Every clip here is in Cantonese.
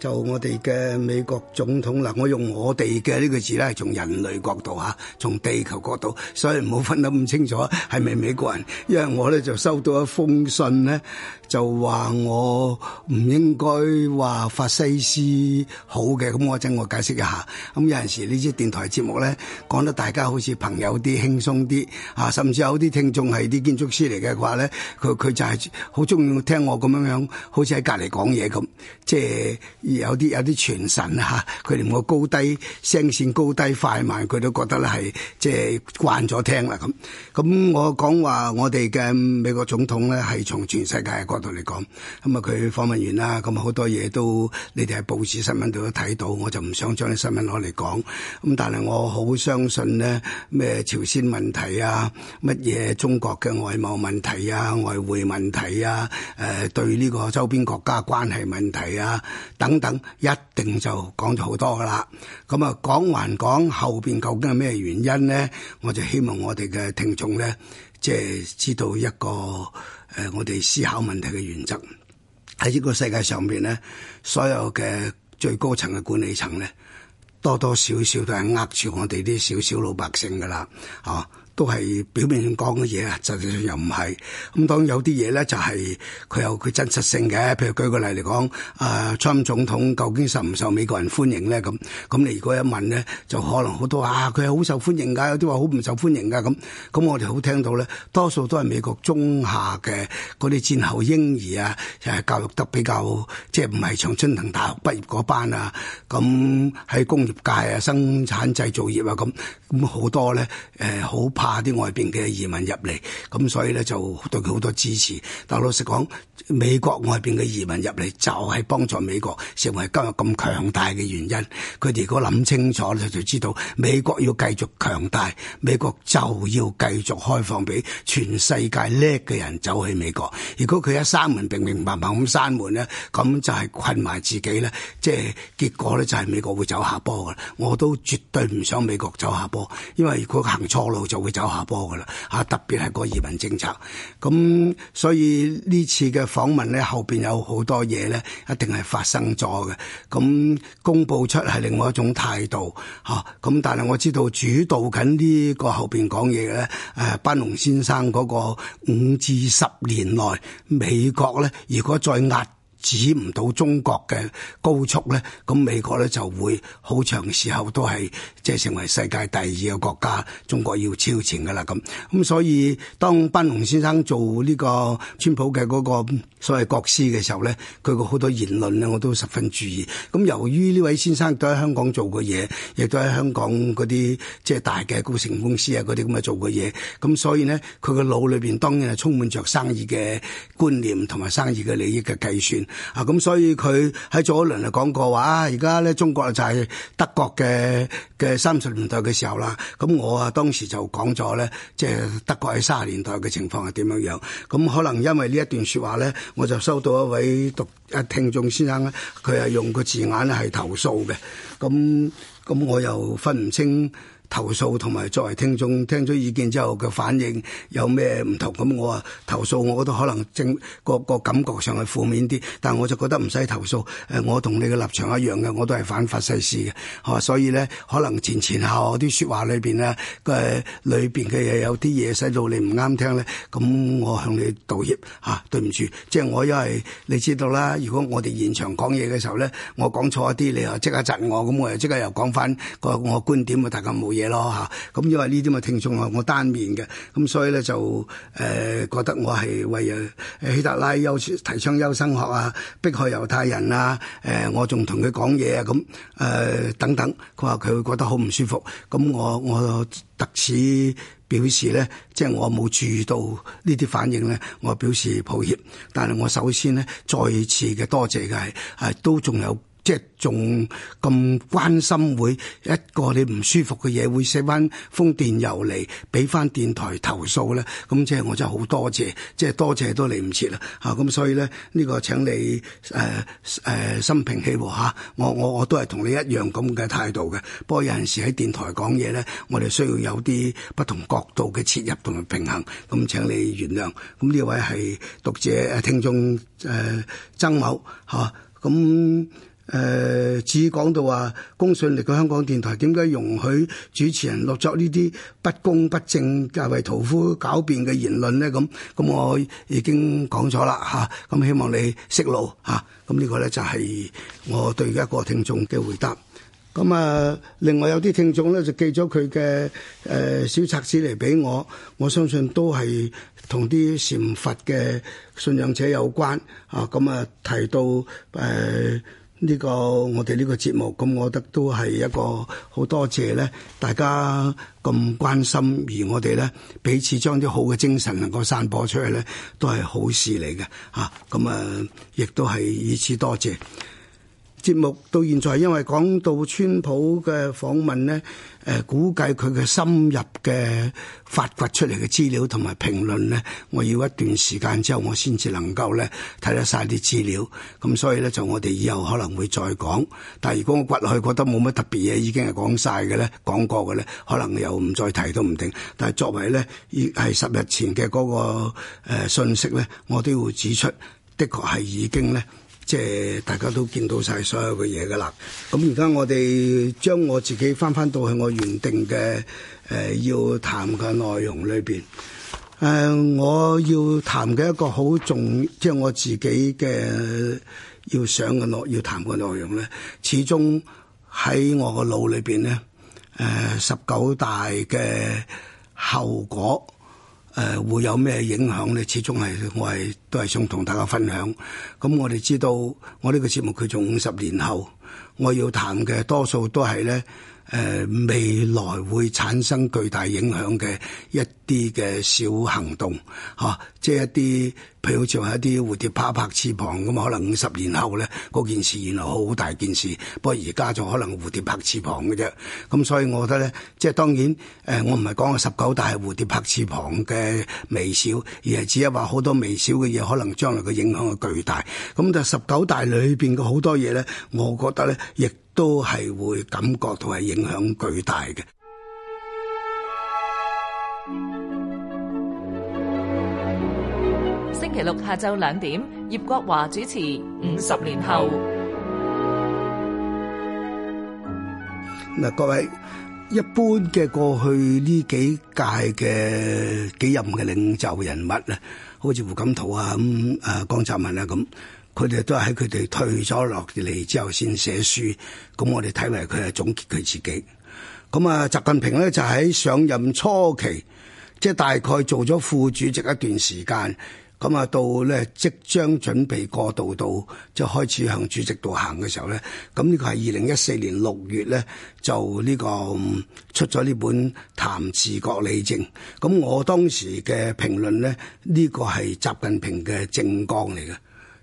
就我哋嘅美國總統嗱，我用我哋嘅呢個字咧，係從人類角度吓，從地球角度，所以唔好分得咁清楚係咪美國人。因為我咧就收到一封信咧，就話我唔應該話法西斯好嘅，咁我等我解釋一下。咁有陣時呢支電台節目咧，講得大家好似朋友啲，輕鬆啲啊，甚至有啲聽眾係啲建築師嚟嘅話咧，佢佢就係好中意聽我咁樣樣，好似喺隔籬講嘢咁，即係。有啲有啲傳神吓，佢、啊、連個高低聲線高低快慢，佢都覺得咧係即係慣咗聽啦咁。咁我講話我哋嘅美國總統咧，係從全世界嘅角度嚟講，咁啊佢訪問完啦，咁、嗯、好多嘢都你哋喺報紙新聞度都睇到，我就唔想將啲新聞攞嚟講，咁、嗯、但係我好相信咧，咩朝鮮問題啊，乜嘢中國嘅外貿問題啊、外匯問題啊、誒、呃、對呢個周邊國家關係問題啊等等。等一定就講咗好多噶啦，咁啊講還講，後邊究竟係咩原因咧？我就希望我哋嘅聽眾咧，即係知道一個誒、呃，我哋思考問題嘅原則。喺呢個世界上面咧，所有嘅最高層嘅管理層咧，多多少少都係呃住我哋啲少少老百姓噶啦，啊。都係表面上講嘅嘢啊，實際上又唔係。咁當然有啲嘢咧，就係佢有佢真實性嘅。譬如舉個例嚟講，啊，川總統究竟受唔受美國人歡迎咧？咁咁你如果一問咧，就可能好多啊，佢係好受歡迎㗎，有啲話好唔受歡迎㗎。咁咁我哋好聽到咧，多數都係美國中下嘅嗰啲戰後嬰兒啊，誒、就是、教育得比較，即係唔係常春藤大學畢業嗰班啊，咁喺工業界啊、生產製造業啊咁，咁好多咧誒好怕。啲外邊嘅移民入嚟，咁所以咧就對佢好多支持。但老實講，美國外邊嘅移民入嚟就係幫助美國成為今日咁強大嘅原因。佢哋如果諗清楚咧，就知道美國要繼續強大，美國就要繼續開放俾全世界叻嘅人走去美國。如果佢一閂門，明明白白咁閂門咧，咁就係困埋自己咧，即係結果咧，就係美國會走下坡噶啦，我都絕對唔想美國走下坡，因為如果行錯路就會走。走下波噶啦，啊！特別係個移民政策，咁所以呢次嘅訪問咧，後邊有好多嘢咧，一定係發生咗嘅。咁公佈出係另外一種態度，嚇、啊。咁但係我知道主導緊呢個後邊講嘢嘅咧，誒、啊，班農先生嗰個五至十年內美國咧，如果再壓。指唔到中國嘅高速咧，咁美國咧就會好長時候都係即係成為世界第二個國家。中國要超前噶啦咁，咁所以當班農先生做呢個川普嘅嗰個所謂國師嘅時候咧，佢個好多言論咧我都十分注意。咁由於呢位先生都喺香港做過嘢，亦都喺香港嗰啲即係大嘅高盛公司啊嗰啲咁嘅做過嘢，咁所以咧佢個腦裏邊當然係充滿着生意嘅觀念同埋生意嘅利益嘅計算。啊，咁所以佢喺早一輪就講過話，而家咧中國就係德國嘅嘅三十年代嘅時候啦。咁我啊當時就講咗咧，即係德國喺三十年代嘅情況係點樣樣。咁可能因為呢一段説話咧，我就收到一位讀啊聽眾先生，佢係用個字眼係投訴嘅。咁咁我又分唔清。投訴同埋作為聽眾聽咗意見之後嘅反應有咩唔同？咁我啊投,投訴，我覺得可能正個個感覺上係負面啲，但係我就覺得唔使投訴。誒，我同你嘅立場一樣嘅，我都係反法西斯嘅，吓，所以咧可能前前後嗰啲說話裏邊咧，誒裏邊嘅嘢有啲嘢使到你唔啱聽咧，咁我向你道歉吓、啊，對唔住。即係我因為你知道啦，如果我哋現場講嘢嘅時候咧，我講錯一啲，你又即刻窒我，咁我又即刻又講翻個我觀點，啊大家冇嘢。嘢咯嚇，咁因為呢啲咪聽眾啊，我單面嘅，咁所以咧就誒、呃、覺得我係為希特拉優提倡優生學啊，逼害猶太人啊，誒、呃、我仲同佢講嘢啊咁，誒等等，佢話佢會覺得好唔舒服，咁我我特此表示咧，即、就、係、是、我冇注意到呢啲反應咧，我表示抱歉，但係我首先咧再次嘅多謝嘅係係都仲有，即係仲咁關心，會一個你唔舒服嘅嘢，會寫翻封電郵嚟，俾翻電台投訴咧。咁即係我真係好多謝，即係多謝都嚟唔切啦。啊，咁所以咧，呢、呢個請你誒誒、呃呃、心平氣和嚇、啊。我我我都係同你一樣咁嘅態度嘅。不過有陣時喺電台講嘢咧，我哋需要有啲不同角度嘅切入同埋平衡。咁、啊、請你原諒。咁呢位係讀者誒、啊、聽眾誒、呃、曾某嚇咁。啊。呃、至於講到話公信力嘅香港電台點解容許主持人落作呢啲不公不正、係為屠夫狡辯嘅言論呢？咁咁，我已經講咗啦嚇。咁、啊、希望你識路嚇。咁、啊、呢個咧就係我對一個聽眾嘅回答。咁啊，另外有啲聽眾咧就寄咗佢嘅誒小冊子嚟俾我，我相信都係同啲禪佛嘅信仰者有關啊。咁啊，提到誒。呃呢個我哋呢個節目，咁我覺得都係一個好多謝咧，大家咁關心，而我哋咧彼此將啲好嘅精神能夠散播出去，咧，都係好事嚟嘅嚇。咁啊，啊，亦都係以此多謝。節目到現在，因為講到川普嘅訪問咧，誒、呃、估計佢嘅深入嘅發掘出嚟嘅資料同埋評論咧，我要一段時間之後，我先至能夠咧睇得晒啲資料。咁所以咧，就我哋以後可能會再講。但係如果我掘落去覺得冇乜特別嘢，已經係講晒嘅咧，講過嘅咧，可能又唔再提都唔定。但係作為咧，係十日前嘅嗰、那個誒信、呃、息咧，我都會指出，的確係已經咧。即係大家都見到晒所有嘅嘢㗎啦。咁而家我哋將我自己翻翻到去我原定嘅誒要談嘅內容裏邊。誒，我要談嘅一個好重，即係我自己嘅要想嘅內，要談嘅內容咧，始終喺我個腦裏邊咧。誒，十九大嘅後果。誒，會有咩影響咧？始終係我係都係想同大家分享。咁我哋知道我呢個節目佢做五十年後，我要談嘅多數都係咧。誒，未來會產生巨大影響嘅一啲嘅小行動，嚇、啊，即係一啲，譬如好似係一啲蝴蝶拍拍翅膀咁，可能五十年後咧，嗰件事原來好大件事，不過而家仲可能蝴蝶拍翅膀嘅啫。咁、嗯、所以我、呃我是是嗯，我覺得咧，即係當然，誒，我唔係講個十九大係蝴蝶拍翅膀嘅微小，而係只係話好多微小嘅嘢，可能將來嘅影響係巨大。咁但係十九大裏邊嘅好多嘢咧，我覺得咧，亦。都係會感覺到係影響巨大嘅。星期六下晝兩點，葉國華主持《五十年後》。嗱，各位，一般嘅過去呢幾屆嘅幾任嘅領袖人物咧，好似胡錦濤啊咁，誒，江澤民啦咁。佢哋都喺佢哋退咗落嚟之後先寫書，咁我哋睇埋佢係總結佢自己。咁啊，習近平咧就喺上任初期，即係大概做咗副主席一段時間，咁啊到咧即將準備過渡到即開始向主席度行嘅時候咧，咁呢個係二零一四年六月咧就呢個出咗呢本《談治國理政》，咁我當時嘅評論咧呢個係習近平嘅政綱嚟嘅。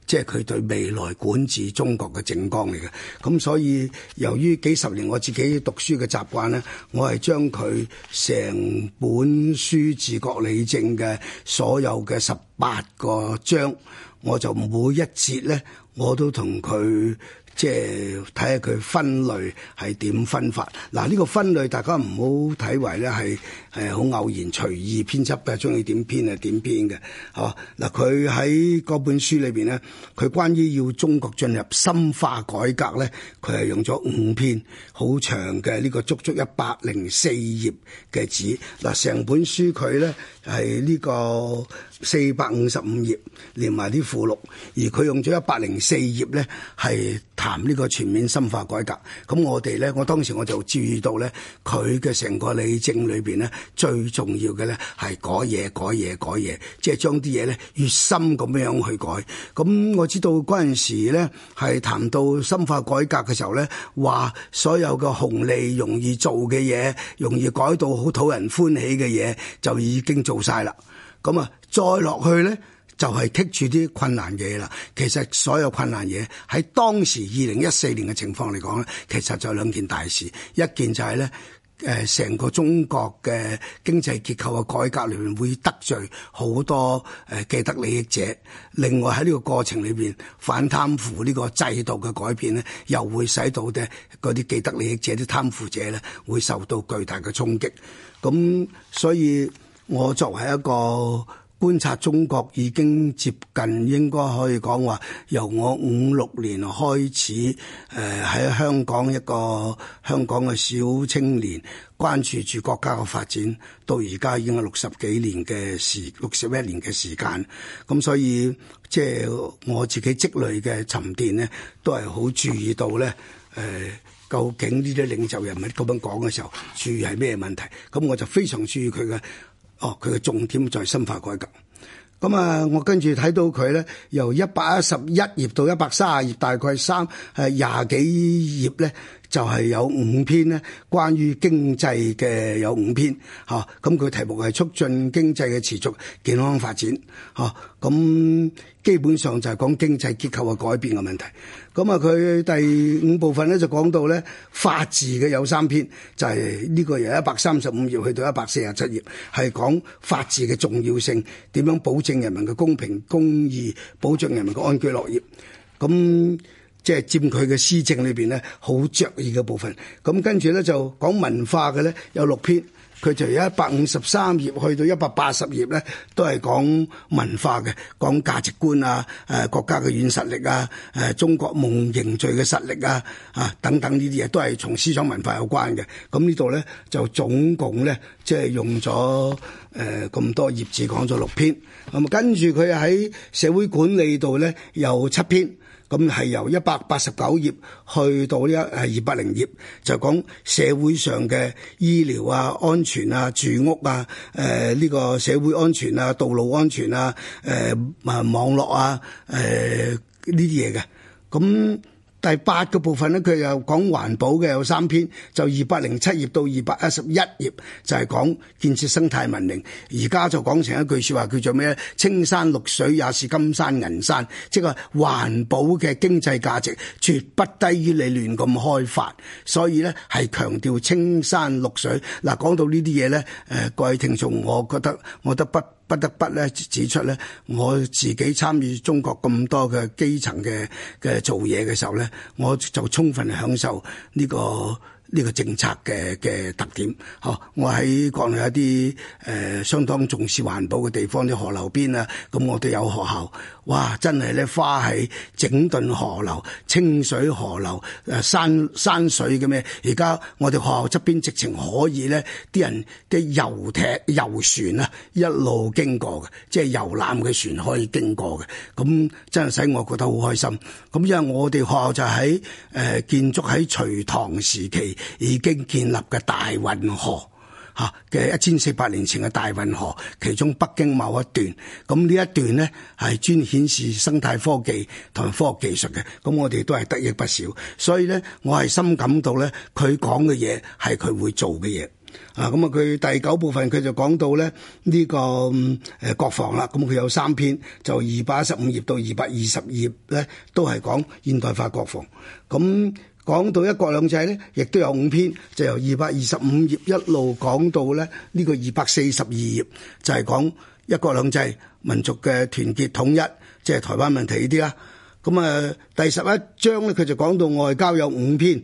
即係佢對未來管治中國嘅政綱嚟嘅，咁所以由於幾十年我自己讀書嘅習慣咧，我係將佢成本書治國理政嘅所有嘅十八個章，我就每一節咧我都同佢。即係睇下佢分類係點分法。嗱呢個分類大家唔好睇為咧係係好偶然隨意編輯嘅，中意點編啊點編嘅，係嘛？嗱，佢喺嗰本書裏邊咧，佢關於要中國進入深化改革咧，佢係用咗五篇好長嘅呢個足足一百零四頁嘅紙。嗱，成本書佢咧係呢個四百五十五頁，連埋啲附錄，而佢用咗一百零四頁咧係。談呢個全面深化改革，咁我哋咧，我當時我就注意到咧，佢嘅成個理政裏邊咧，最重要嘅咧係改嘢、改嘢、改嘢，即係將啲嘢咧越深咁樣去改。咁我知道嗰陣時咧，係談到深化改革嘅時候咧，話所有嘅紅利容易做嘅嘢，容易改到好討人歡喜嘅嘢，就已經做晒啦。咁啊，再落去咧。就係棘住啲困難嘢啦。其實所有困難嘢喺當時二零一四年嘅情況嚟講咧，其實就兩件大事。一件就係、是、咧，誒、呃、成個中國嘅經濟結構嘅改革裏面會得罪好多誒、呃、既得利益者。另外喺呢個過程裏邊，反貪腐呢個制度嘅改變咧，又會使到嗰啲既得利益者、啲貪腐者咧，會受到巨大嘅衝擊。咁所以我作為一個觀察中國已經接近，應該可以講話由我五六年開始，誒、呃、喺香港一個香港嘅小青年關注住國家嘅發展，到而家已經係六十幾年嘅時，六十一年嘅時間。咁所以即係、呃、我自己積累嘅沉澱咧，都係好注意到咧，誒、呃，究竟呢啲領袖人物咁樣講嘅時候，注意係咩問題？咁我就非常注意佢嘅。哦，佢嘅重點在深化改革。咁啊，我跟住睇到佢咧，由一百一十一頁到一百三十頁，大概三誒廿幾頁咧。就係有五篇咧，關於經濟嘅有五篇嚇，咁、啊、佢題目係促進經濟嘅持續健康發展嚇，咁、啊、基本上就係講經濟結構嘅改變嘅問題。咁啊，佢第五部分咧就講到咧法治嘅有三篇，就係、是、呢個由一百三十五頁去到一百四十七頁，係講法治嘅重要性，點樣保證人民嘅公平公義，保障人民嘅安居樂業，咁。即係佔佢嘅思政裏邊咧，好著意嘅部分。咁跟住咧就講文化嘅咧，有六篇，佢就由一百五十三頁去到一百八十頁咧，都係講文化嘅，講價值觀啊，誒、呃、國家嘅軟實力啊，誒、呃、中國夢凝聚嘅實力啊，啊等等呢啲嘢都係同思想文化有關嘅。咁、嗯、呢度咧就總共咧即係用咗誒咁多頁紙講咗六篇，咁跟住佢喺社會管理度咧又七篇。咁係由一百八十九頁去到呢一係二百零頁，就講社會上嘅醫療啊、安全啊、住屋啊、誒、呃、呢、呢個社會安全啊、道路安全啊、誒、呃、啊網絡啊、誒呢啲嘢嘅，咁。第八個部分咧，佢又講環保嘅有三篇，就二百零七頁到二百一十一頁，就係講建設生態文明。而家就講成一句説話，叫做咩？青山綠水也是金山銀山，即係話環保嘅經濟價值絕不低於你亂咁開發，所以咧係強調青山綠水。嗱，講到呢啲嘢咧，誒、呃、各位聽眾，我覺得我都不。不得不咧指出咧，我自己參與中國咁多嘅基層嘅嘅做嘢嘅時候咧，我就充分享受呢個。呢個政策嘅嘅特點吓，我喺國內一啲誒、呃、相當重視環保嘅地方，啲河流邊啊，咁我哋有學校，哇！真係咧，花喺整頓河流，清水河流，誒、啊、山山水嘅咩？而家我哋學校側邊直情可以咧，啲人啲遊艇、遊船啊，一路經過嘅，即係遊覽嘅船可以經過嘅，咁真係使我覺得好開心。咁因為我哋學校就喺誒、呃、建築，喺隋唐時期。已經建立嘅大運河吓嘅，一千四百年前嘅大運河，其中北京某一段，咁呢一段呢係專顯示生態科技同埋科學技術嘅，咁我哋都係得益不少。所以呢，我係深感到呢，佢講嘅嘢係佢會做嘅嘢啊！咁啊，佢第九部分佢就講到呢呢、這個誒、嗯、國防啦，咁佢有三篇，就二百一十五頁到二百二十頁呢，都係講現代化國防咁。講到一國兩制呢，亦都有五篇，就由二百二十五頁一路講到咧呢個二百四十二頁，就係講一國兩制、民族嘅團結統一，即係台灣問題呢啲啦。咁啊，第十一章咧，佢就講到外交有五篇。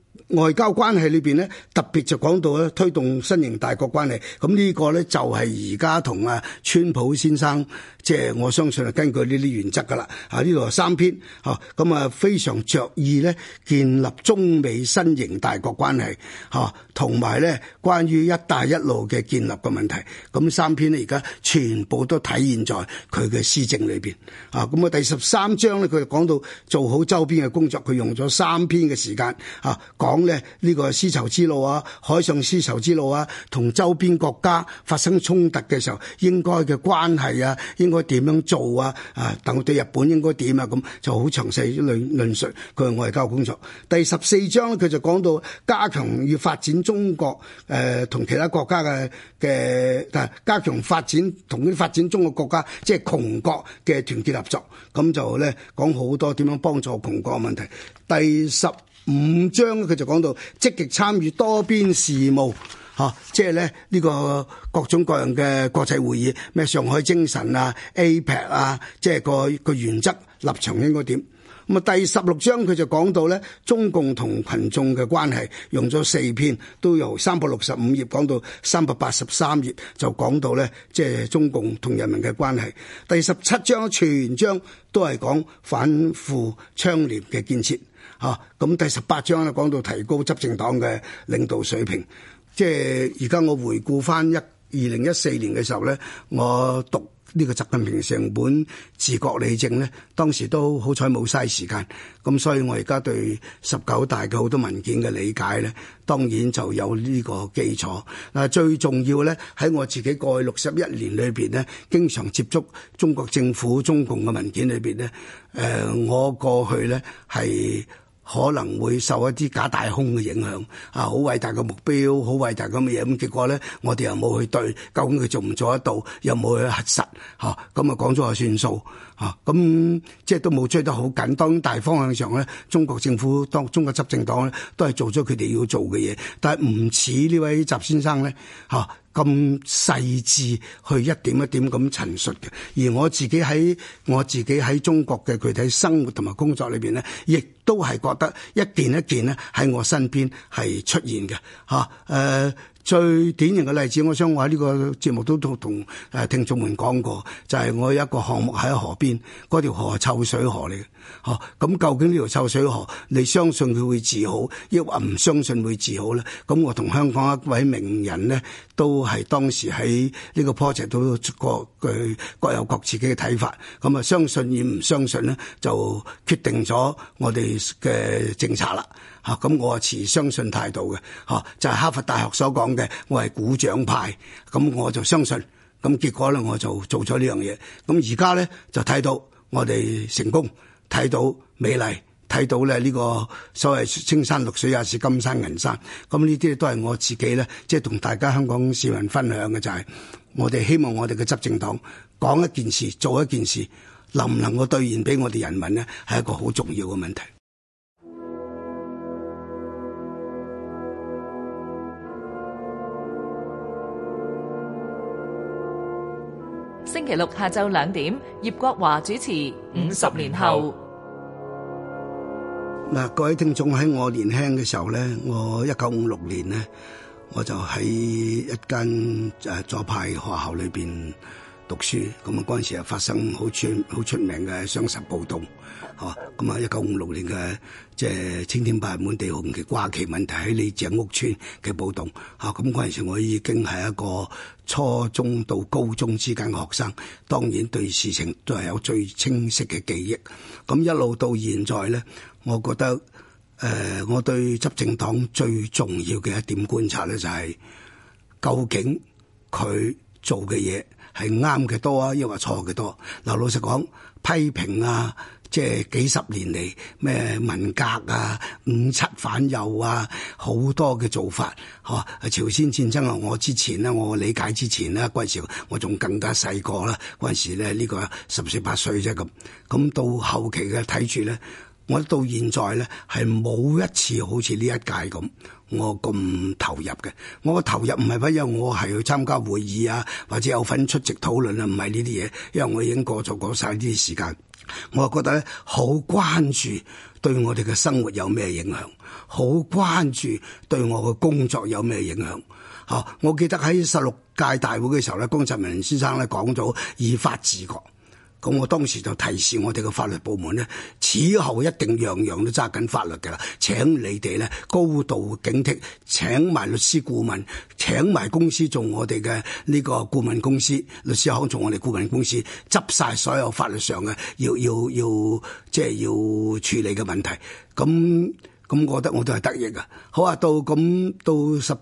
外交關係裏邊咧，特別就講到咧推動新型大國關係，咁呢個咧就係而家同啊川普先生，即係我相信係根據呢啲原則噶啦，啊呢度有三篇，嚇咁啊非常着意咧建立中美新型大國關係，嚇。同埋咧，關於一帶一路嘅建立嘅問題，咁三篇咧而家全部都體現在佢嘅施政裏邊啊！咁啊，第十三章咧，佢就講到做好周邊嘅工作，佢用咗三篇嘅時間啊，講咧呢個絲綢之路啊，海上絲綢之路啊，同周邊國家發生衝突嘅時候應該嘅關係啊，應該點樣做啊？啊，特別對日本應該點啊？咁就好詳細論論述佢係外交工作。第十四章咧，佢就講到加強與發展。中國誒、呃、同其他國家嘅嘅誒加強發展同啲發展中國國家即係窮國嘅團結合作，咁就咧講好多點樣幫助窮國嘅問題。第十五章佢就講到積極參與多邊事務，嚇、啊，即係咧呢、這個各種各樣嘅國際會議，咩上海精神啊、APEC 啊，即係個個原則立場應該點？咁啊，第十六章佢就講到咧中共同群眾嘅關係，用咗四篇，都由三百六十五頁講到三百八十三頁，就講到咧即係中共同人民嘅關係。第十七章全章都係講反腐倡廉嘅建設。吓、啊，咁第十八章咧講到提高執政黨嘅領導水平。即係而家我回顧翻一二零一四年嘅時候咧，我讀。呢個習近平成本治國理政呢，當時都好彩冇嘥時間，咁所以我而家對十九大嘅好多文件嘅理解呢，當然就有呢個基礎。嗱，最重要呢，喺我自己過去六十一年裏邊呢，經常接觸中國政府中共嘅文件裏邊呢。誒、呃，我過去呢係，可能會受一啲假大空嘅影響，啊，好偉大嘅目標，好偉大咁嘅嘢，咁結果咧，我哋又冇去對，究竟佢做唔做得到，又冇去核實，嚇、啊，咁啊講咗話算數，嚇、啊，咁、嗯、即係都冇追得好緊。當然大方向上咧，中國政府當中國執政黨咧，都係做咗佢哋要做嘅嘢，但係唔似呢位習先生咧，嚇、啊。咁細緻去一點一點咁陳述嘅，而我自己喺我自己喺中國嘅具體生活同埋工作裏邊呢，亦都係覺得一件一件呢喺我身邊係出現嘅，嚇、啊、誒。呃最典型嘅例子，我想話呢個節目都都同誒聽眾們講過，就係、是、我有一個項目喺河邊嗰條河係臭水河嚟嘅，吓、啊，咁、嗯、究竟呢條臭水河，你相信佢會治好，抑或唔相信會治好咧？咁、嗯、我同香港一位名人咧，都係當時喺呢個 project 都各佢各有各自己嘅睇法，咁、嗯、啊相信與唔相信咧，就決定咗我哋嘅政策啦。吓咁，我持相信態度嘅，嚇就係哈佛大學所講嘅，我係鼓掌派，咁我就相信，咁結果咧我就做咗呢樣嘢，咁而家咧就睇到我哋成功，睇到美麗，睇到咧呢個所謂青山綠水也是金山銀山，咁呢啲都係我自己咧，即係同大家香港市民分享嘅就係我哋希望我哋嘅執政黨講一件事做一件事，能唔能夠兌現俾我哋人民咧，係一個好重要嘅問題。星期六下晝兩點，葉國華主持《五十年後》年後。嗱，各位聽眾，喺我年輕嘅時候咧，我一九五六年咧，我就喺一間誒左派學校裏邊。讀書咁啊。嗰陣時又發生好出好出名嘅雙十暴動，吓咁啊，一九五六年嘅即係青天白日滿地紅嘅掛旗問題，喺李鄭屋村嘅暴動。吓咁，嗰陣時我已經係一個初中到高中之間嘅學生，當然對事情都係有最清晰嘅記憶。咁一路到現在咧，我覺得誒，我對執政黨最重要嘅一點觀察咧，就係究竟佢做嘅嘢係啱嘅多啊，抑或錯嘅多。嗱，老實講批評啊，即係幾十年嚟咩文革啊、五七反右啊，好多嘅做法，嗬、啊。朝鮮戰爭啊，我之前咧，我理解之前咧，嗰陣時我仲更加細個啦，嗰陣時咧呢個十四八歲啫咁。咁到後期嘅睇住咧，我到現在咧係冇一次好似呢一屆咁。我咁投入嘅，我嘅投入唔係因為，我係去參加會議啊，或者有份出席討論啊，唔係呢啲嘢，因為我已經過咗晒呢啲時間，我覺得咧，好關注對我哋嘅生活有咩影響，好關注對我嘅工作有咩影響。嚇，我記得喺十六屆大會嘅時候咧，江澤民先生咧講咗以法治國。咁我當時就提示我哋嘅法律部門咧，此後一定樣樣都揸緊法律嘅啦。請你哋咧高度警惕，請埋律師顧問，請埋公司做我哋嘅呢個顧問公司，律師行做我哋顧問公司，執晒所有法律上嘅要要要即係要處理嘅問題。咁咁，我覺得我都係得益啊。好啊，到咁到，到十。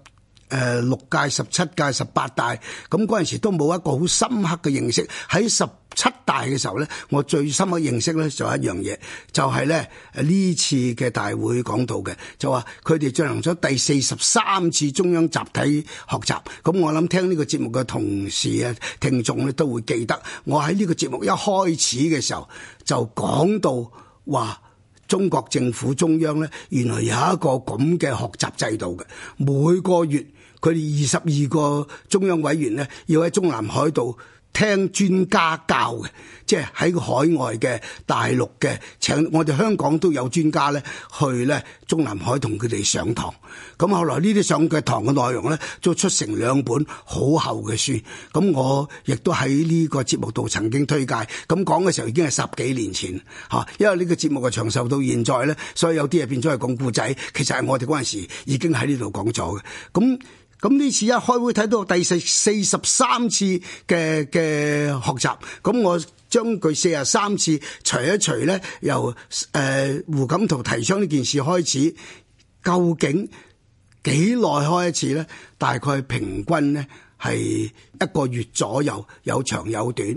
誒六屆、十七屆、十八大，咁嗰陣時都冇一個好深刻嘅認識。喺十七大嘅時候呢，我最深刻認識呢就一樣嘢，就係呢呢次嘅大會講到嘅，就話佢哋進行咗第四十三次中央集體學習。咁我諗聽呢個節目嘅同事啊、聽眾咧都會記得，我喺呢個節目一開始嘅時候就講到話，中國政府中央呢，原來有一個咁嘅學習制度嘅每個月。佢哋二十二個中央委員呢，要喺中南海度聽專家教嘅，即係喺海外嘅、大陸嘅，請我哋香港都有專家咧去咧中南海同佢哋上堂。咁後來呢啲上嘅堂嘅內容咧，就出成兩本好厚嘅書。咁我亦都喺呢個節目度曾經推介。咁講嘅時候已經係十幾年前嚇，因為呢個節目嘅長壽到現在咧，所以有啲嘢變咗係講故仔。其實係我哋嗰陣時已經喺呢度講咗嘅。咁咁呢次一開會睇到第四四十三次嘅嘅學習，咁我將佢四十三次除一除咧，由誒、呃、胡錦濤提倡呢件事開始，究竟幾耐開一次咧？大概平均呢係一個月左右，有長有短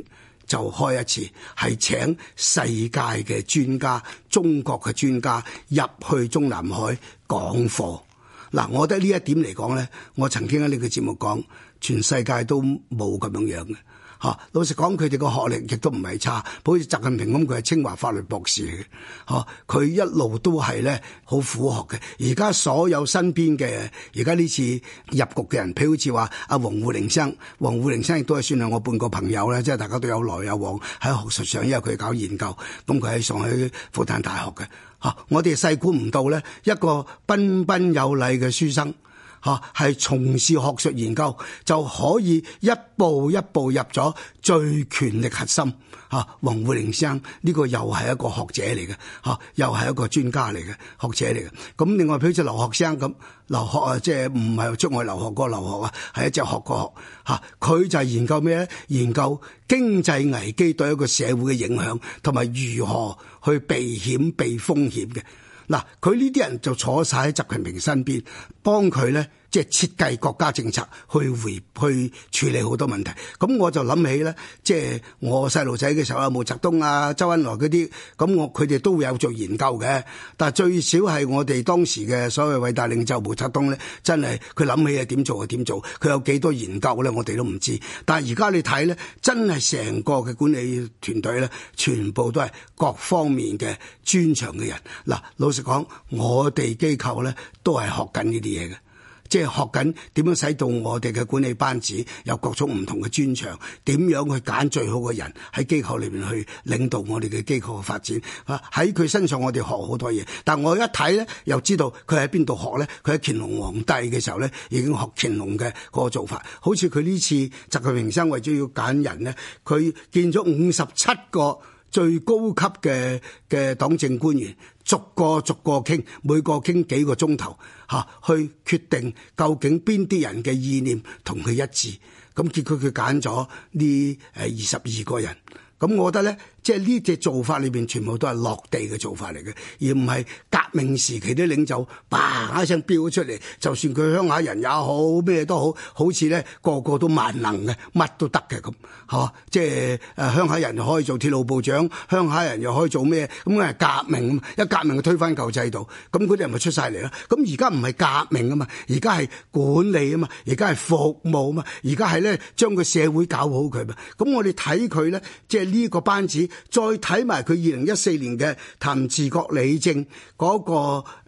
就開一次，係請世界嘅專家、中國嘅專家入去中南海講課。嗱，我覺得呢一點嚟講咧，我曾經喺呢個節目講，全世界都冇咁樣樣嘅嚇。老實講，佢哋個學歷亦都唔係差，好似習近平咁，佢係清華法律博士嚟嘅嚇。佢、啊、一路都係咧好苦學嘅。而家所有身邊嘅，而家呢次入局嘅人，譬如好似話阿王滬寧生，王滬寧生亦都係算係我半個朋友咧，即係大家都有來有往喺學術上，因為佢搞研究，咁佢係上海復旦大學嘅。啊，我哋細估唔到咧，一個彬彬有禮嘅書生。嚇，係從事學術研究就可以一步一步入咗最權力核心。嚇、啊，王滬寧生呢、這個又係一個學者嚟嘅，嚇、啊、又係一個專家嚟嘅學者嚟嘅。咁另外，譬如做留學生咁，留學啊，即係唔係出外留學過留學啊，係一隻學過學。嚇、啊，佢就係研究咩咧？研究經濟危機對一個社會嘅影響，同埋如何去避險避風險嘅。嗱，佢呢啲人就坐晒喺習近平身邊幫佢咧。即係設計國家政策去回去處理好多問題，咁我就諗起咧，即係我細路仔嘅時候啊，毛澤東啊、周恩來嗰啲，咁我佢哋都有做研究嘅。但係最少係我哋當時嘅所謂偉大領袖毛澤東咧，真係佢諗起係點做就點做，佢有幾多研究咧，我哋都唔知。但係而家你睇咧，真係成個嘅管理團隊咧，全部都係各方面嘅專長嘅人。嗱，老實講，我哋機構咧都係學緊呢啲嘢嘅。即係學緊點樣使到我哋嘅管理班子有各種唔同嘅專長，點樣去揀最好嘅人喺機構裏邊去領導我哋嘅機構嘅發展。喺佢身上我哋學好多嘢，但我一睇咧又知道佢喺邊度學咧。佢喺乾隆皇帝嘅時候咧已經學乾隆嘅個做法，好似佢呢次習近平生為咗要揀人咧，佢見咗五十七個。最高級嘅嘅黨政官員，逐個逐個傾，每個傾幾個鐘頭，吓、啊，去決定究竟邊啲人嘅意念同佢一致，咁結果佢揀咗呢誒二十二個人，咁我覺得咧。即係呢隻做法裏邊，全部都係落地嘅做法嚟嘅，而唔係革命時期啲領袖叭一聲飆咗出嚟。就算佢鄉下人也好，咩都好，好似咧個個都萬能嘅，乜都得嘅咁，嚇！即係鄉下人可以做鐵路部長，鄉下人又可以做咩？咁係革命，一革命就推翻舊制度，咁嗰啲人咪出晒嚟啦。咁而家唔係革命啊嘛，而家係管理啊嘛，而家係服務啊嘛，而家係咧將個社會搞好佢嘛。咁我哋睇佢咧，即係呢個班子。再睇埋佢二零一四年嘅談治國理政嗰，那個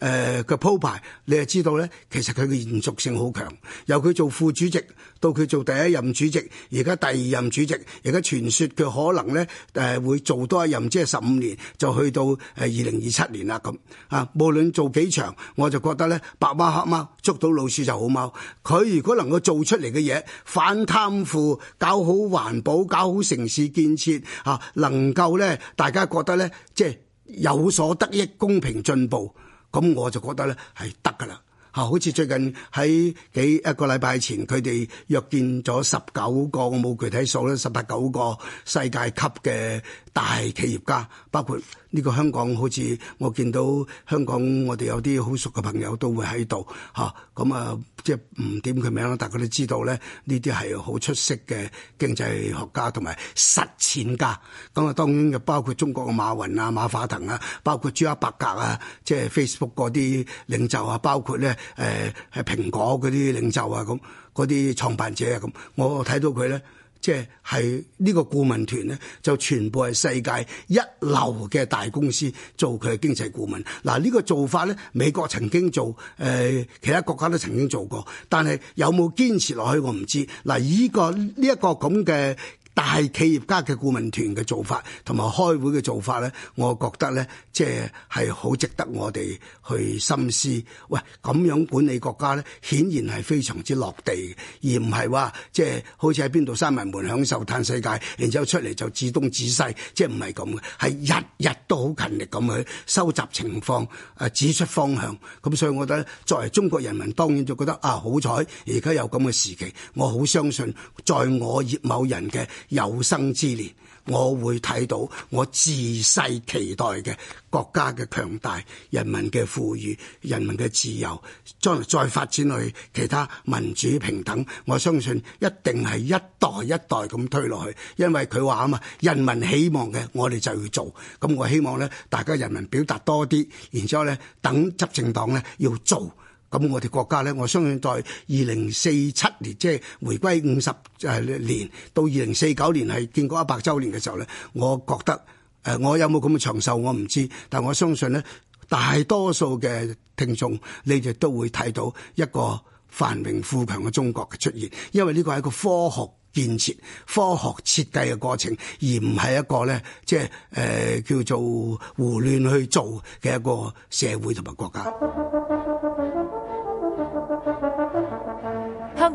誒嘅鋪排，你就知道咧，其實佢嘅延續性好強。由佢做副主席到佢做第一任主席，而家第二任主席，而家傳說佢可能咧誒、呃、會做多一任，即係十五年就去到誒二零二七年啦咁啊。無論做幾長，我就覺得咧，白貓黑貓捉到老鼠就好貓。佢如果能夠做出嚟嘅嘢，反貪腐、搞好環保、搞好城市建設啊，能。夠咧，大家覺得咧，即係有所得益、公平進步，咁我就覺得咧係得噶啦。嚇！好似最近喺幾一個禮拜前，佢哋約見咗十九個，我冇具體數啦，十八九個世界級嘅大企業家，包括呢個香港。好似我見到香港，我哋有啲好熟嘅朋友都會喺度嚇。咁啊，嗯、即係唔點佢名啦，但係佢都知道咧，呢啲係好出色嘅經濟學家同埋實踐家。咁啊，當然就包括中國嘅馬雲啊、馬化騰啊，包括朱阿伯格啊，即係 Facebook 嗰啲領袖啊，包括咧。誒係、呃、蘋果嗰啲領袖啊，咁嗰啲創辦者啊，咁我睇到佢咧，即係係呢個顧問團咧，就全部係世界一流嘅大公司做佢嘅經濟顧問。嗱、呃，呢、這個做法咧，美國曾經做，誒、呃、其他國家都曾經做過，但係有冇堅持落去我唔知。嗱、呃，依、這個呢一、這個咁嘅。大企業家嘅顧問團嘅做法，同埋開會嘅做法咧，我覺得咧，即係係好值得我哋去深思。喂，咁樣管理國家咧，顯然係非常之落地，而唔係話即係好似喺邊度閂埋門享受嘆世界，然之後出嚟就自東自西，即係唔係咁嘅。係日日都好勤力咁去收集情況，誒指出方向。咁所以我覺得作為中國人民，當然就覺得啊，好彩而家有咁嘅時期，我好相信，在我葉某人嘅。有生之年，我會睇到我自細期待嘅國家嘅強大、人民嘅富裕、人民嘅自由，將來再發展去其他民主平等，我相信一定係一代一代咁推落去，因為，佢話啊嘛，人民希望嘅我哋就要做，咁我希望咧大家人民表達多啲，然之後咧等執政黨咧要做。咁我哋國家咧，我相信在二零四七年，即係回歸五十誒年，到二零四九年，係建國一百周年嘅時候咧，我覺得誒，我有冇咁嘅長壽我唔知，但我相信咧，大多數嘅聽眾，你哋都會睇到一個繁榮富強嘅中國嘅出現，因為呢個係一個科學建設、科學設計嘅過程，而唔係一個咧，即係誒、呃、叫做胡亂去做嘅一個社會同埋國家。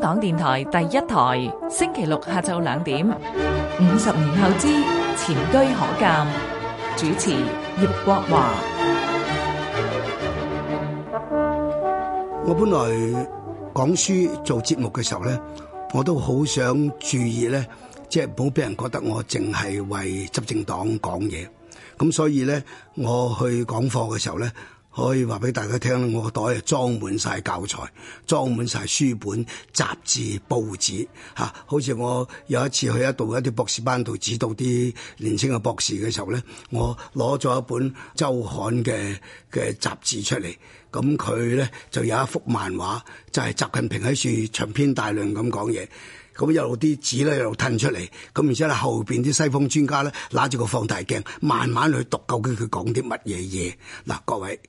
香港電台第一台，星期六下晝兩點，五十年後之前車可鑑，主持葉國華。我本來講書做節目嘅時候咧，我都好想注意咧，即係唔好俾人覺得我淨係為執政黨講嘢。咁所以咧，我去講課嘅時候咧。可以話俾大家聽，我個袋啊，裝滿晒教材，裝滿晒書本、雜誌、報紙嚇、啊。好似我有一次去一度一啲博士班度指導啲年輕嘅博士嘅時候咧，我攞咗一本周刊嘅嘅雜誌出嚟，咁佢咧就有一幅漫畫，就係、是、習近平喺樹長篇大論咁講嘢，咁一路啲紙咧一路褪出嚟，咁而且咧後邊啲西方專家咧揦住個放大鏡，慢慢去讀，究竟佢講啲乜嘢嘢？嗱、啊，各位。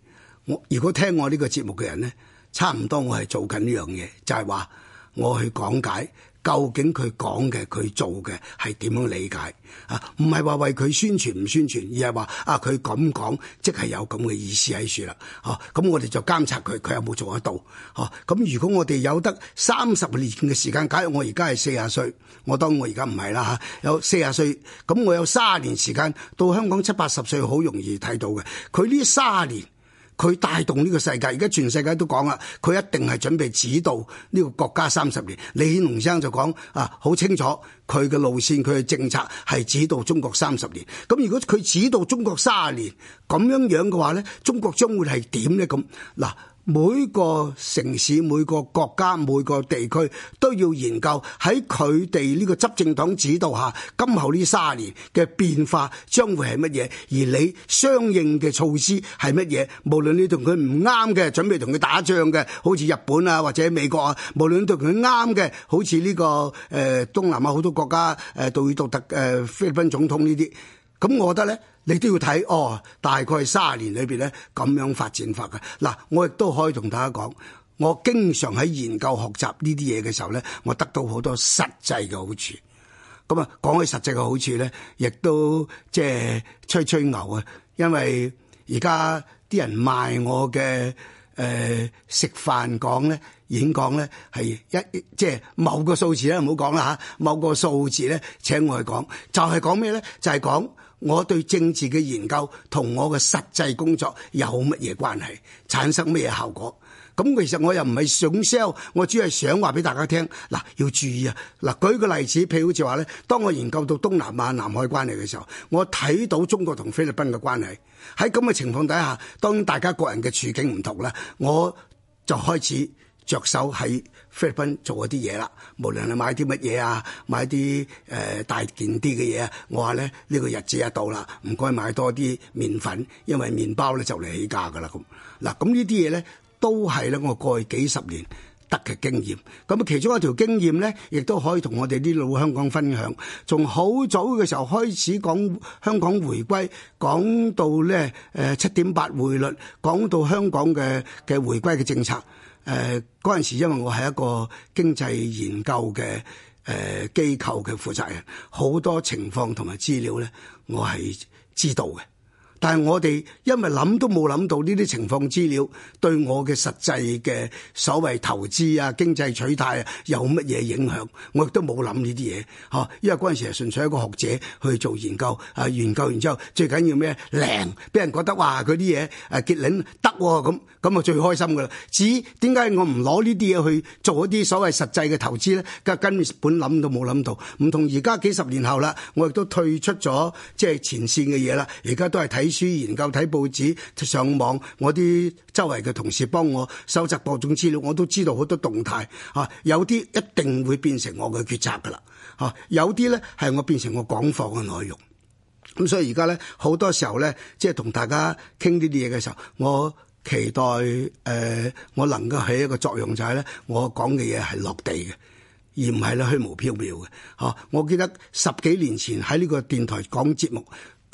我如果聽我呢個節目嘅人咧，差唔多我係做緊呢樣嘢，就係話我去講解究竟佢講嘅佢做嘅係點樣理解啊？唔係話為佢宣傳唔宣傳，而係話啊佢咁講，即係有咁嘅意思喺處啦。吓，咁我哋就監察佢，佢有冇做得到？吓，咁如果我哋有得三十年嘅時間，假如我而家係四廿歲，我當我而家唔係啦吓，有四廿歲，咁我有卅年時間到香港七八十歲好容易睇到嘅，佢呢卅年。佢帶動呢個世界，而家全世界都講啦，佢一定係準備指導呢個國家三十年。李顯龍生就講啊，好清楚佢嘅路線，佢嘅政策係指導中國三十年。咁如果佢指導中國三十年咁樣樣嘅話咧，中國將會係點咧？咁嗱。每個城市、每個國家、每個地區都要研究喺佢哋呢個執政黨指導下，今後呢三十年嘅變化將會係乜嘢，而你相應嘅措施係乜嘢。無論你同佢唔啱嘅，準備同佢打仗嘅，好似日本啊或者美國啊，無論同佢啱嘅，好似呢、這個誒、呃、東南亞好多國家誒，杜特爾特誒菲律賓總統呢啲。咁我覺得咧，你都要睇哦，大概三十年裏邊咧，咁樣發展法嘅。嗱，我亦都可以同大家講，我經常喺研究學習呢啲嘢嘅時候咧，我得到好多實際嘅好處。咁、嗯、啊，講起實際嘅好處咧，亦都即係吹吹牛啊。因為而家啲人賣我嘅誒、呃、食飯講咧，演講咧，係一即係、就是、某個數字咧，唔好講啦嚇，某個數字咧，請我去講，就係講咩咧？就係、是、講。我對政治嘅研究同我嘅實際工作有乜嘢關係？產生乜嘢效果？咁其實我又唔係想 sell，我只係想話俾大家聽。嗱，要注意啊！嗱，舉個例子，譬如好似話咧，當我研究到東南亞南海關係嘅時候，我睇到中國同菲律賓嘅關係喺咁嘅情況底下，當然大家個人嘅處境唔同啦，我就開始。着手喺菲律賓做嗰啲嘢啦，無論你買啲乜嘢啊，買啲誒、呃、大件啲嘅嘢，我話咧呢、這個日子一到啦，唔該買多啲麵粉，因為麵包咧就嚟起價噶啦咁。嗱，咁呢啲嘢咧都係咧我過去幾十年。得嘅經驗，咁其中一條經驗咧，亦都可以同我哋啲老香港分享。從好早嘅時候開始講香港回歸，講到咧誒七點八匯率，講到香港嘅嘅回歸嘅政策。誒嗰陣時，因為我係一個經濟研究嘅誒、呃、機構嘅負責人，好多情況同埋資料咧，我係知道嘅。但係我哋因為諗都冇諗到呢啲情況資料對我嘅實際嘅所謂投資啊、經濟取態啊有乜嘢影響，我亦都冇諗呢啲嘢，吓，因為嗰陣時係純粹一個學者去做研究，啊，研究完之後最緊要咩？靚俾人覺得哇，佢啲嘢誒結領得喎，咁咁啊最開心噶啦。至於點解我唔攞呢啲嘢去做一啲所謂實際嘅投資咧？根本諗都冇諗到。唔同而家幾十年後啦，我亦都退出咗即係前綫嘅嘢啦，而家都係睇書研究睇報紙，上網，我啲周圍嘅同事幫我收集各種資料，我都知道好多動態吓，有啲一定會變成我嘅決策噶啦，吓，有啲咧係我變成我講課嘅內容。咁所以而家咧好多時候咧，即係同大家傾呢啲嘢嘅時候，我期待誒、呃，我能夠起一個作用就係、是、咧，我講嘅嘢係落地嘅，而唔係咧虛無縹緲嘅。吓，我記得十幾年前喺呢個電台講節目。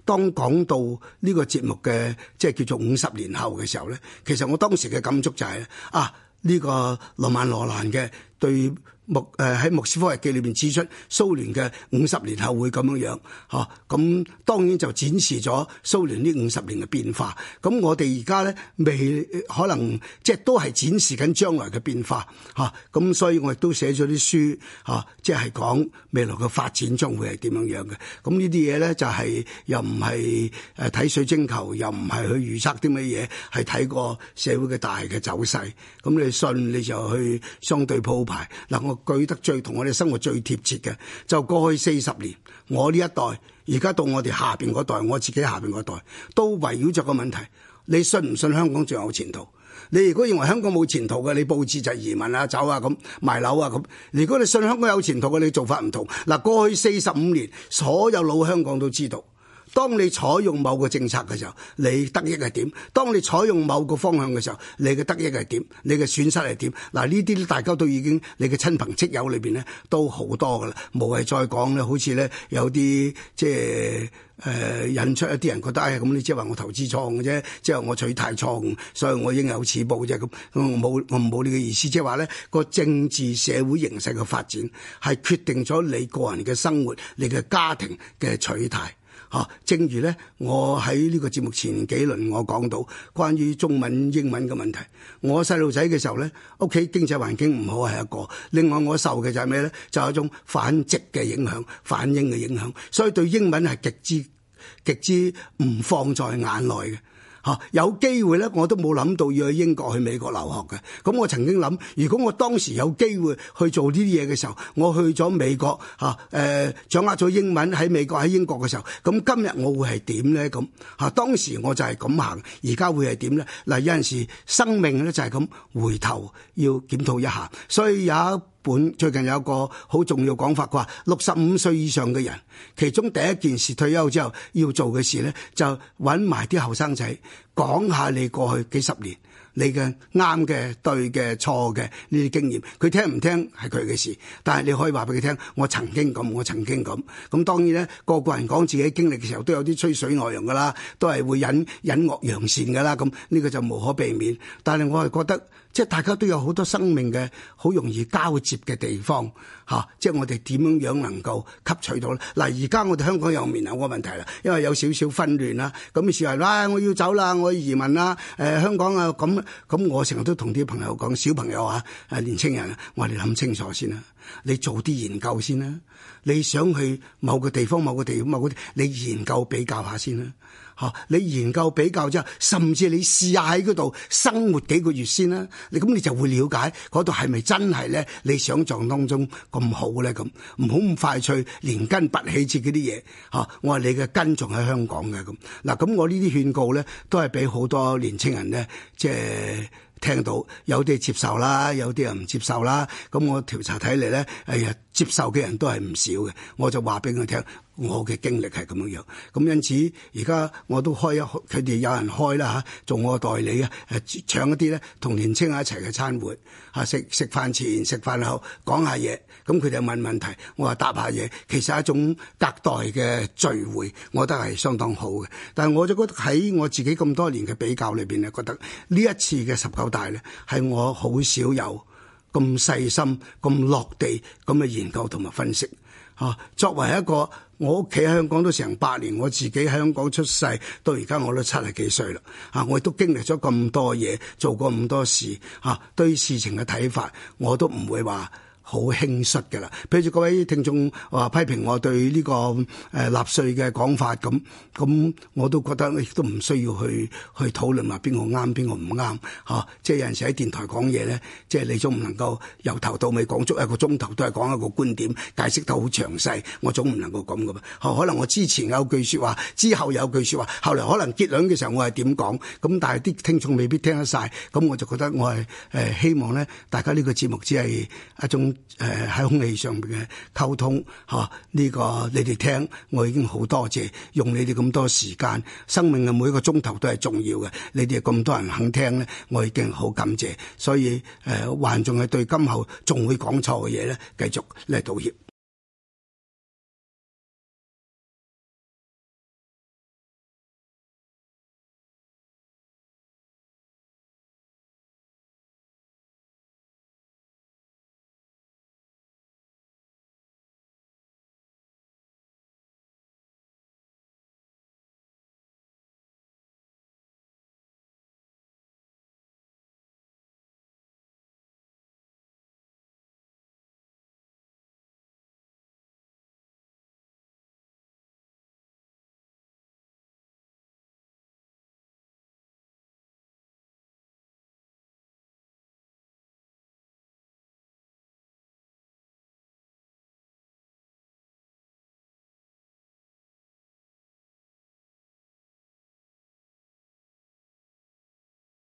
當講到呢個節目嘅即係叫做五十年後嘅時候咧，其實我當時嘅感觸就係啊，呢個羅曼羅蘭嘅對。穆誒喺莫斯科日記裏邊指出蘇聯嘅五十年後會咁樣樣嚇，咁、啊、當然就展示咗蘇聯呢五十年嘅變化。咁我哋而家咧未可能即係、就是、都係展示緊將來嘅變化嚇，咁、啊、所以我亦都寫咗啲書嚇，即、啊、係、就是、講未來嘅發展將會係點樣樣嘅。咁呢啲嘢咧就係、是、又唔係誒睇水晶球，又唔係去預測啲乜嘢，係睇個社會嘅大嘅走勢。咁你信你就去相對鋪排嗱、啊、我。舉得最同我哋生活最貼切嘅，就過去四十年，我呢一代，而家到我哋下邊嗰代，我自己下邊嗰代，都圍繞著個問題你信唔信香港仲有前途？你如果認為香港冇前途嘅，你部署就移民啊、走啊咁賣樓啊咁；如果你信香港有前途嘅，你做法唔同。嗱，過去四十五年，所有老香港都知道。當你採用某個政策嘅時候，你得益係點？當你採用某個方向嘅時候，你嘅得益係點？你嘅損失係點？嗱，呢啲大家都已經，你嘅親朋戚友裏邊咧都好多噶啦，無謂再講咧。好似咧有啲即係誒、呃、引出一啲人覺得，哎咁，你即係話我投資錯誤啫，即係我取態錯誤，所以我應有此報啫咁。我冇我冇呢個意思，即係話咧個政治社會形勢嘅發展係決定咗你個人嘅生活、你嘅家庭嘅取態。嚇！正如咧，我喺呢個節目前幾輪我講到關於中文英文嘅問題，我細路仔嘅時候咧，屋企經濟環境唔好係一個，另外我受嘅就係咩咧？就係一種反殖嘅影響、反英嘅影響，所以對英文係極之極之唔放在眼內嘅。啊、有機會咧，我都冇諗到要去英國、去美國留學嘅。咁我曾經諗，如果我當時有機會去做呢啲嘢嘅時候，我去咗美國，嚇、啊、誒、呃，掌握咗英文喺美國、喺英國嘅時候，咁今日我會係點咧？咁、啊、嚇、啊、當時我就係咁行，而家會係點咧？嗱、啊，有陣時生命咧就係咁，回頭要檢討一下，所以有本最近有一個好重要講法，佢話六十五歲以上嘅人，其中第一件事退休之後要做嘅事咧，就揾埋啲後生仔講下你過去幾十年你嘅啱嘅、對嘅、錯嘅呢啲經驗，佢聽唔聽，係佢嘅事，但係你可以話俾佢聽，我曾經咁，我曾經咁。咁當然咧，個個人講自己經歷嘅時候，都有啲吹水內容噶啦，都係會隱隱惡揚善噶啦。咁呢個就無可避免，但係我係覺得。即係大家都有好多生命嘅好容易交接嘅地方嚇、啊，即係我哋點樣樣能夠吸取到咧？嗱，而家我哋香港又面臨個問題啦，因為有少少紛亂啦，咁於是話啦、哎，我要走啦，我要移民啦。誒、呃，香港啊，咁咁，我成日都同啲朋友講，小朋友啊，年輕啊年青人，我哋諗清楚先啦、啊，你做啲研究先啦、啊，你想去某個地方、某個地方、某個地方，你研究比較下先啦、啊。嚇！你研究比較之後，甚至你試下喺嗰度生活幾個月先啦。你咁你就會了解嗰度係咪真係咧？你想像當中咁好咧？咁唔好咁快脆連根拔起切嗰啲嘢嚇！我話你嘅根仲喺香港嘅咁嗱。咁、啊、我呢啲勸告咧，都係俾好多年青人咧，即係聽到有啲接受啦，有啲人唔接受啦。咁我調查睇嚟咧，哎呀，接受嘅人都係唔少嘅。我就話俾佢聽。我嘅經歷係咁樣樣，咁因此而家我都開一佢哋有人開啦嚇，做我代理啊，搶一啲咧同年青人一齊嘅餐會嚇，食食飯前食飯後講下嘢，咁佢哋問問題，我話答下嘢，其實係一種隔代嘅聚會，我覺得係相當好嘅。但係我就覺得喺我自己咁多年嘅比較裏邊咧，覺得呢一次嘅十九大咧，係我好少有咁細心、咁落地咁嘅研究同埋分析。啊！作為一個我屋企喺香港都成百年，我自己喺香港出世，到而家我都七十幾歲啦！啊，我亦都經歷咗咁多嘢，做過咁多事，嚇對於事情嘅睇法，我都唔會話好輕率㗎喇，譬如各位聽眾話批評我對呢個誒納稅嘅講法咁，咁我都覺得亦都唔需要去去討論話邊個啱邊個唔啱嚇。即係有陣時喺電台講嘢咧，即係你總唔能夠由頭到尾講足一個鐘頭，都係講一個觀點，解釋得好詳細，我總唔能夠咁噶嘛。可能我之前有句説話，之後有句説話，後嚟可能結論嘅時候我係點講，咁但係啲聽眾未必聽得晒。咁我就覺得我係誒希望咧，大家呢個節目只係一種。誒，喺、呃、空氣上邊嘅溝通吓，呢、啊這個你哋聽，我已經好多謝用你哋咁多時間，生命嘅每一個鐘頭都係重要嘅。你哋咁多人肯聽咧，我已經好感謝。所以誒，還、呃、仲係對今後仲會講錯嘅嘢咧，繼續嚟道歉。